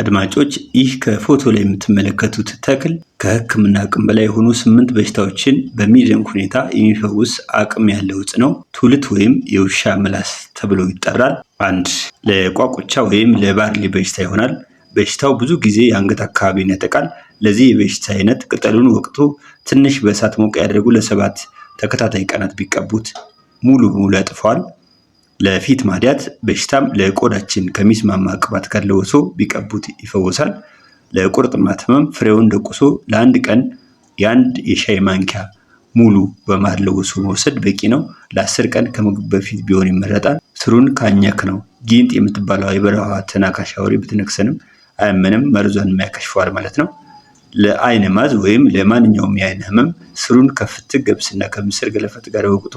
አድማጮች ይህ ከፎቶ ላይ የምትመለከቱት ተክል ከሕክምና አቅም በላይ የሆኑ ስምንት በሽታዎችን በሚደንቅ ሁኔታ የሚፈውስ አቅም ያለው ዕፅ ነው። ቱልት ወይም የውሻ ምላስ ተብሎ ይጠራል። አንድ ለቋቁቻ ወይም ለባርሌ በሽታ ይሆናል። በሽታው ብዙ ጊዜ የአንገት አካባቢን ይነጠቃል። ለዚህ የበሽታ አይነት ቅጠሉን ወቅቱ ትንሽ በእሳት ሞቅ ያደርጉ ለሰባት ተከታታይ ቀናት ቢቀቡት ሙሉ በሙሉ ያጥፈዋል። ለፊት ማዲያት በሽታም ለቆዳችን ከሚስማማ ቅባት ጋር ለውሶ ቢቀቡት ይፈወሳል። ለቁርጥማት ህመም ፍሬውን ደቁሶ ለአንድ ቀን የአንድ የሻይ ማንኪያ ሙሉ በማር ለውሶ መውሰድ በቂ ነው። ለአስር ቀን ከምግብ በፊት ቢሆን ይመረጣል። ስሩን ካኘክ ነው። ጊንጥ የምትባለው የበረሃ ተናካሽ አውሬ ብትነክሰንም አያመንም፣ መርዟን የማያከሽፈዋል ማለት ነው። ለአይን ማዝ ወይም ለማንኛውም የአይን ህመም ስሩን ከፍትህ ገብስና ከምስር ገለፈት ጋር ወቅቶ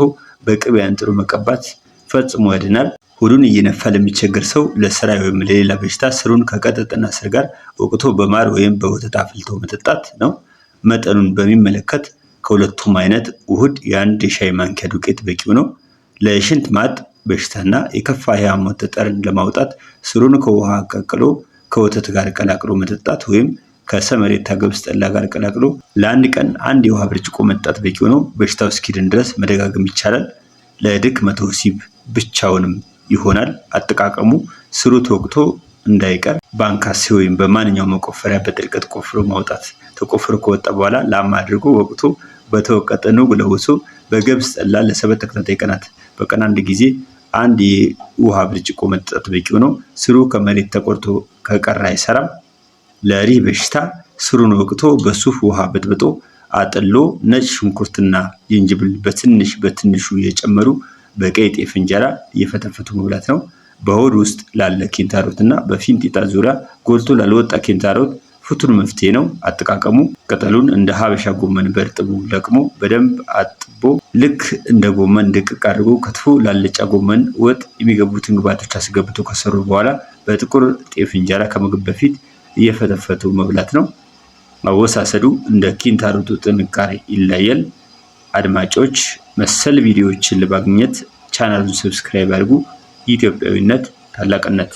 በቅቤ አንጥሮ መቀባት ፈጽሞ ያድናል። ሆዱን እየነፋ ለሚቸገር ሰው ለስራ ወይም ለሌላ በሽታ ስሩን ከቀጠጥና ስር ጋር ወቅቶ በማር ወይም በወተት አፍልቶ መጠጣት ነው። መጠኑን በሚመለከት ከሁለቱም አይነት ውህድ የአንድ የሻይ ማንኪያ ዱቄት በቂው ነው። ለሽንት ማጥ በሽታና የከፋ የሐሞት ጠጠርን ለማውጣት ስሩን ከውሃ ቀቅሎ ከወተት ጋር ቀላቅሎ መጠጣት ወይም ከሰመሬታ ገብስ ጠላ ጋር ቀላቅሎ ለአንድ ቀን አንድ የውሃ ብርጭቆ መጠጣት በቂው ነው። በሽታው እስኪድን ድረስ መደጋገም ይቻላል። ለድክመተ ወሲብ ብቻውንም ይሆናል። አጠቃቀሙ ስሩ ተወቅቶ እንዳይቀር በአንካሴ ወይም በማንኛውም መቆፈሪያ በጥልቀት ቆፍሮ ማውጣት። ተቆፍሮ ከወጣ በኋላ ላም አድርጎ ወቅቶ በተወቀጠ ነው ለውሶ በገብስ ጠላ ለሰበት ተከታታይ ቀናት በቀን አንድ ጊዜ አንድ የውሃ ብርጭቆ መጠጣት በቂ ነው። ስሩ ከመሬት ተቆርቶ ከቀረ አይሰራም። ለሪህ በሽታ ስሩን ወቅቶ በሱፍ ውሃ በጥብጦ አጥሎ ነጭ ሽንኩርትና ዝንጅብል በትንሽ በትንሹ የጨመሩ በቀይ ጤፍ እንጀራ እየፈተፈቱ መብላት ነው። በሆድ ውስጥ ላለ ኪንታሮት እና በፊንጢጣ ዙሪያ ጎልቶ ላልወጣ ኪንታሮት ፍቱን መፍትሄ ነው። አጠቃቀሙ ቅጠሉን እንደ ሀበሻ ጎመን በእርጥቡ ለቅሞ በደንብ አጥቦ ልክ እንደ ጎመን ድቅቅ አድርጎ ከትፎ ላልጫ ጎመን ወጥ የሚገቡትን ግብዓቶች አስገብቶ ከሰሩ በኋላ በጥቁር ጤፍ እንጀራ ከምግብ በፊት እየፈተፈቱ መብላት ነው። አወሳሰዱ እንደ ኪንታሮቱ ጥንካሬ ይለያል። አድማጮች መሰል ቪዲዮዎችን ለማግኘት ቻናሉን ሰብስክራይብ አድርጉ። ኢትዮጵያዊነት ታላቅነት